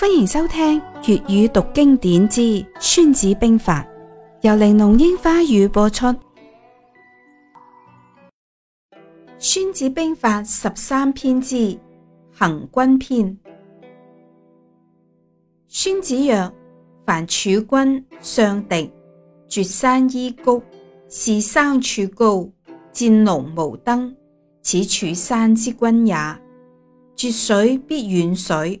歡迎收聽粵語讀經典之《孫子兵法》，由玲瓏櫻花語播出。《孫子兵法》十三篇之《行軍篇》，孫子曰：凡處軍相敵，絕山依谷，視生處高，戰隆無登，此處山之軍也。絕水必遠水。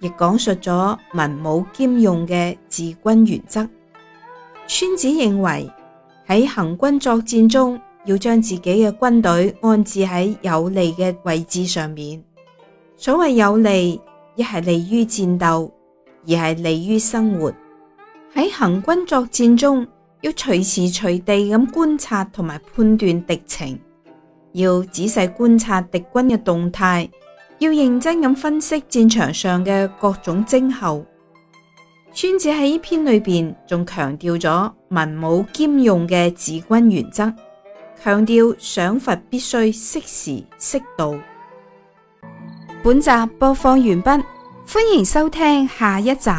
亦講述咗文武兼用嘅治軍原則，孫子認為喺行軍作戰中，要將自己嘅軍隊安置喺有利嘅位置上面。所謂有利，一係利於戰鬥，二係利於生活。喺行軍作戰中，要隨時隨地咁觀察同埋判斷敵情，要仔細觀察敵軍嘅動態。要認真咁分析戰場上嘅各種徵候。孫子喺呢篇裏邊仲強調咗文武兼用嘅治軍原則，強調賞罰必須適時適度。本集播放完畢，歡迎收聽下一集。